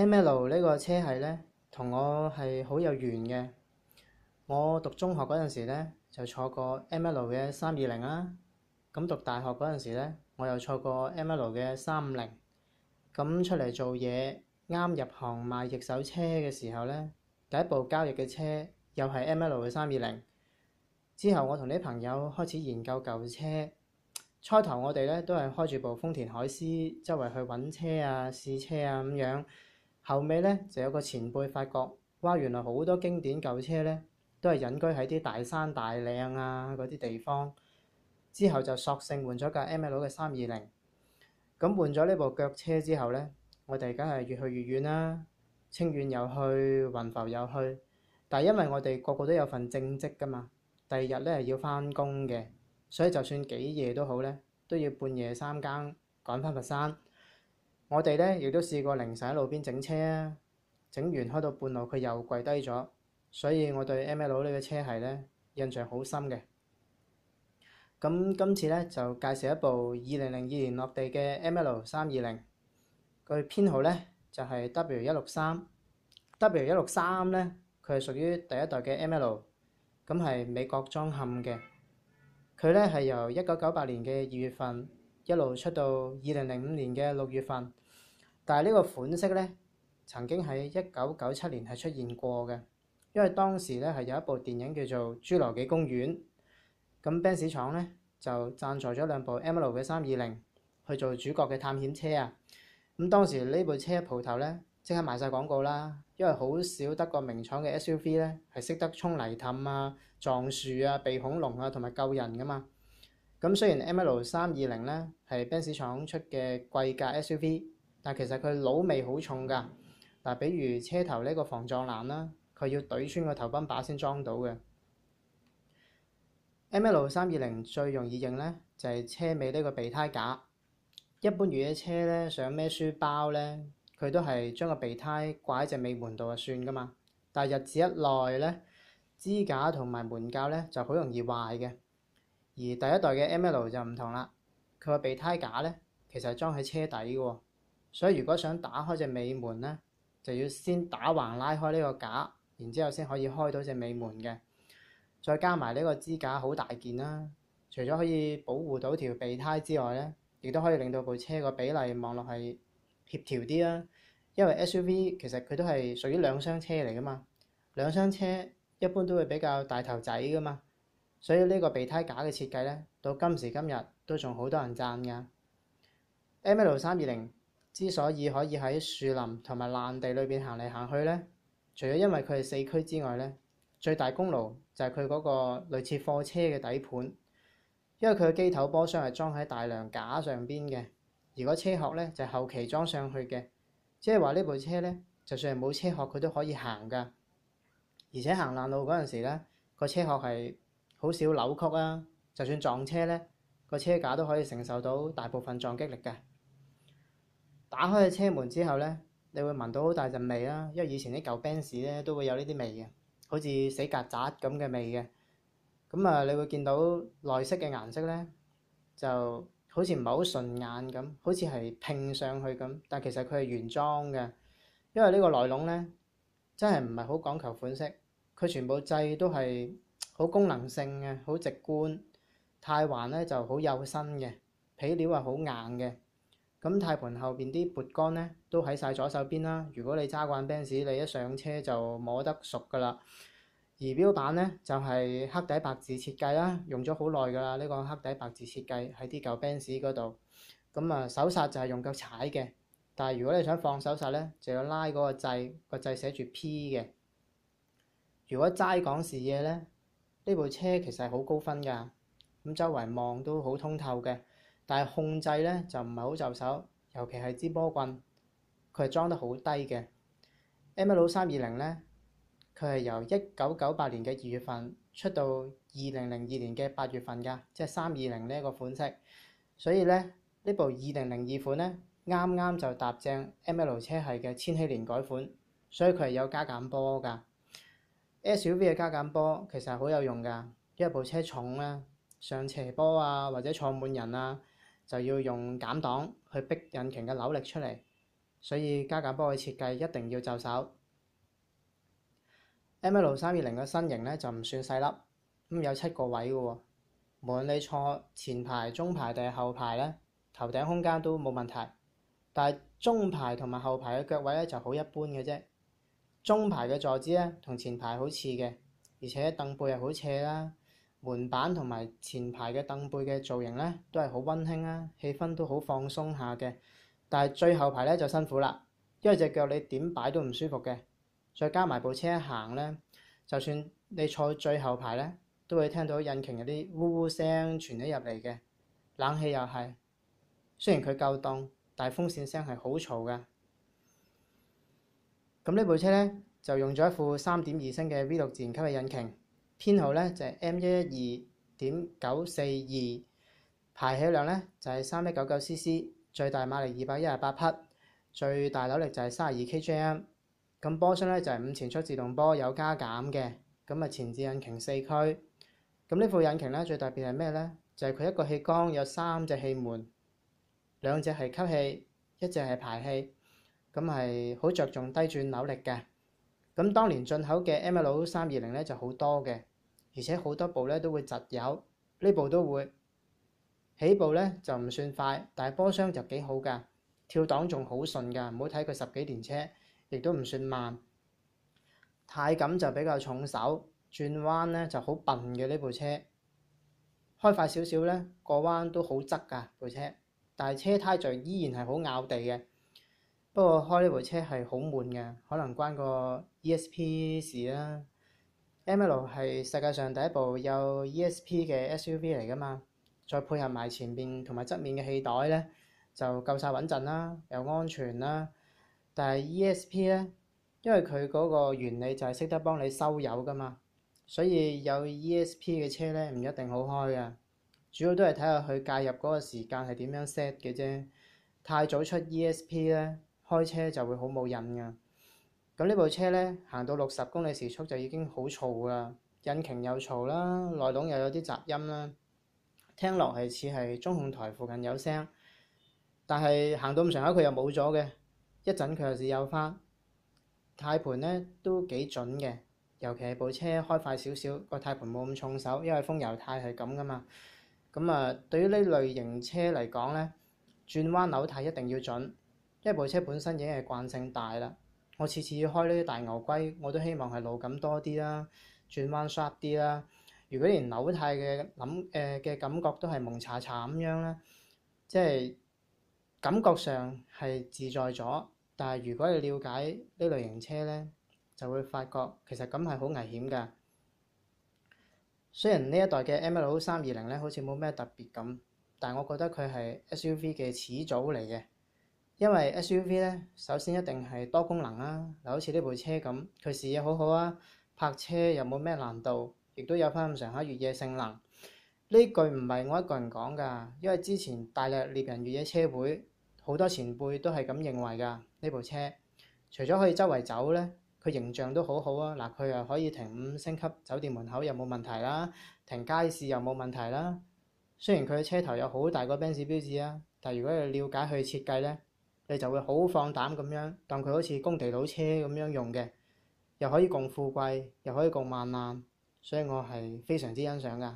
M L 呢個車系呢，同我係好有緣嘅。我讀中學嗰陣時咧，就坐過 M L 嘅三二零啦。咁讀大學嗰陣時咧，我又坐過 M L 嘅三五零。咁出嚟做嘢，啱入行賣二手車嘅時候呢，第一部交易嘅車又係 M L 嘅三二零。之後我同啲朋友開始研究舊車。初頭我哋呢都係開住部豐田海獅，周圍去揾車啊、試車啊咁樣。後尾呢，就有個前輩發覺，哇！原來好多經典舊車呢，都係隱居喺啲大山大嶺啊嗰啲地方。之後就索性換咗架 ML 嘅三二零。咁換咗呢部腳車之後呢，我哋梗係越去越遠啦。清遠又去，雲浮又去，但係因為我哋個個都有份正職噶嘛，第二日呢要返工嘅，所以就算幾夜都好呢，都要半夜三更趕返佛山。我哋咧亦都試過凌晨喺路邊整車啊，整完開到半路佢又跪低咗，所以我對 M L 呢個車系咧印象好深嘅。咁今次咧就介紹一部二零零二年落地嘅 M L 三二零，佢編號咧就係 W 一六三，W 一六三咧佢係屬於第一代嘅 M L，咁係美國裝嵌嘅，佢咧係由一九九八年嘅二月份，一路出到二零零五年嘅六月份，但係呢個款式咧，曾經喺一九九七年係出現過嘅，因為當時咧係有一部電影叫做《侏羅紀公園》，咁 Benz 廠咧就贊助咗兩部 ML 嘅三二零去做主角嘅探險車啊，咁當時呢部車鋪頭咧即刻賣晒廣告啦，因為好少德國名廠嘅 SUV 咧係識得衝泥氹啊、撞樹啊、避恐龍啊同埋救人噶嘛。咁雖然 ML320 咧係 Benz 廠出嘅貴價 SUV，但係其實佢老味好重㗎。嗱，比如車頭呢個防撞欄啦，佢要懟穿個頭泵把先裝到嘅。ML320 最容易認咧就係車尾呢個備胎架，一般越野車咧想孭書包咧，佢都係將個備胎掛喺隻尾門度就算㗎嘛。但係日子一耐咧，支架同埋門架咧就好容易壞嘅。而第一代嘅 ML 就唔同啦，佢個備胎架呢，其實裝喺車底嘅，所以如果想打開隻尾門呢，就要先打橫拉開呢個架，然之後先可以開到隻尾門嘅。再加埋呢個支架好大件啦，除咗可以保護到條備胎之外呢，亦都可以令到部車個比例望落係協調啲啦。因為 SUV 其實佢都係屬於兩廂車嚟㗎嘛，兩廂車一般都會比較大頭仔㗎嘛。所以呢個備胎架嘅設計呢，到今時今日都仲好多人讚㗎。ML 320之所以可以喺樹林同埋爛地裏邊行嚟行去呢，除咗因為佢係四驅之外呢，最大功勞就係佢嗰個類似貨車嘅底盤，因為佢嘅機頭波箱係裝喺大梁架上邊嘅，而個車殼呢，就係後期裝上去嘅，即係話呢部車呢，就算係冇車殼佢都可以行㗎，而且行爛路嗰陣時呢，個車殼係～好少扭曲啊！就算撞車咧，個車架都可以承受到大部分撞擊力嘅。打開咗車門之後咧，你會聞到好大陣味啦、啊，因為以前啲舊 Benz 咧都會有呢啲味嘅，好似死曱甴咁嘅味嘅。咁啊，你會見到內飾嘅顏色咧，就好似唔係好順眼咁，好似係拼上去咁，但其實佢係原裝嘅。因為呢個內籠咧，真係唔係好講求款式，佢全部掣都係。好功能性嘅，好直觀。太環呢就好幼身嘅，皮料係好硬嘅。咁太盤後邊啲撥杆呢都喺晒左手邊啦。如果你揸慣 Benz 你一上車就摸得熟噶啦。儀表板呢就係、是、黑底白字設計啦，用咗好耐噶啦。呢、這個黑底白字設計喺啲舊 Benz 嗰度。咁啊，手剎就係用腳踩嘅，但係如果你想放手剎呢，就要拉嗰個掣，這個掣寫住 P 嘅。如果齋講視野呢。呢部車其實係好高分㗎，咁周圍望都好通透嘅，但係控制呢就唔係好就手，尤其係支波棍，佢係裝得好低嘅。ML 三二零呢，佢係由一九九八年嘅二月份出到二零零二年嘅八月份㗎，即係三二零呢一個款式。所以呢，呢部二零零二款呢啱啱就搭正 ML 車系嘅千禧年改款，所以佢係有加減波㗎。SUV 嘅加減波其實係好有用㗎，因為部車重咧、啊，上斜坡啊或者坐滿人啊，就要用減檔去逼引擎嘅扭力出嚟，所以加減波嘅設計一定要就手。ML 320嘅身形呢就唔算細粒，咁有七個位嘅喎，無論你坐前排、中排定係後排呢，頭頂空間都冇問題，但係中排同埋後排嘅腳位呢就好一般嘅啫。中排嘅坐姿咧，同前排好似嘅，而且凳背又好斜啦。門板同埋前排嘅凳背嘅造型咧，都係好溫馨啊，氣氛都好放鬆下嘅。但係最後排呢就辛苦啦，因為隻腳你點擺都唔舒服嘅。再加埋部車一行呢，就算你坐最後排呢，都會聽到引擎嗰啲嗚嗚聲傳起入嚟嘅。冷氣又係，雖然佢夠凍，但係風扇聲係好嘈㗎。咁呢部車呢，就用咗一副三點二升嘅 V 六自然吸氣引擎，編號呢，就係 M 一一二點九四二，排氣量呢，就係三一九九 CC，最大馬力二百一十八匹，最大扭力就係三十二 kgm。咁波箱呢，就係五前速自動波，有加減嘅。咁啊前置引擎四驅。咁呢副引擎呢，最特別係咩呢？就係佢一個氣缸有三隻氣門，兩隻係吸氣，一隻係排氣。咁係好着重低轉扭力嘅，咁當年進口嘅 ML 三二零咧就好多嘅，而且好多部咧都會窒油。呢部都會，起步咧就唔算快，但係波箱就幾好噶，跳檔仲好順噶，唔好睇佢十幾年車，亦都唔算慢，軚感就比較重手，轉彎咧就好笨嘅呢部車，開快少少咧過彎都好側噶部車，但係車胎就依然係好咬地嘅。不過開呢部車係好悶嘅，可能關個 E S P 事啦。M L 係世界上第一部有 E S P 嘅 S U V 嚟噶嘛，再配合埋前面同埋側面嘅氣袋咧，就夠晒穩陣啦，又安全啦。但係 E S P 咧，因為佢嗰個原理就係識得幫你收油噶嘛，所以有 E S P 嘅車咧唔一定好開嘅，主要都係睇下佢介入嗰個時間係點樣 set 嘅啫。太早出 E S P 咧～開車就會好冇癮㗎。咁呢部車呢，行到六十公里時速就已經好嘈啦，引擎又嘈啦，內籠又有啲雜音啦，聽落係似係中控台附近有聲，但係行到咁上下佢又冇咗嘅，一陣佢又是有翻。軚盤呢都幾準嘅，尤其係部車開快少少個軚盤冇咁重手，因為風油軚係咁㗎嘛。咁啊，對於呢類型車嚟講呢，轉彎扭軚一定要準。呢部車本身已經係慣性大啦，我次次開呢啲大牛龜，我都希望係路感多啲啦，轉彎 sharp 啲啦。如果連扭態嘅諗嘅感覺都係蒙查查咁樣呢，即係感覺上係自在咗。但係如果你了解呢類型車呢，就會發覺其實咁係好危險㗎。雖然呢一代嘅 M L 三二零呢好似冇咩特別咁，但係我覺得佢係 S U V 嘅始祖嚟嘅。因為 SUV 呢，首先一定係多功能啊。嗱，好似呢部車咁，佢視野好好啊，泊車又冇咩難度，亦都有返咁上下越野性能。呢句唔係我一個人講噶，因為之前大量獵人越野車會好多前輩都係咁認為噶呢部車。除咗可以周圍走呢，佢形象都好好啊！嗱，佢又可以停五星級酒店門口又冇問題啦，停街市又冇問題啦。雖然佢嘅車頭有好大個 Benz 標誌啊，但如果你瞭解佢設計呢。你就會好放膽咁樣，當佢好似工地倒車咁樣用嘅，又可以共富貴，又可以共患難，所以我係非常之欣賞㗎。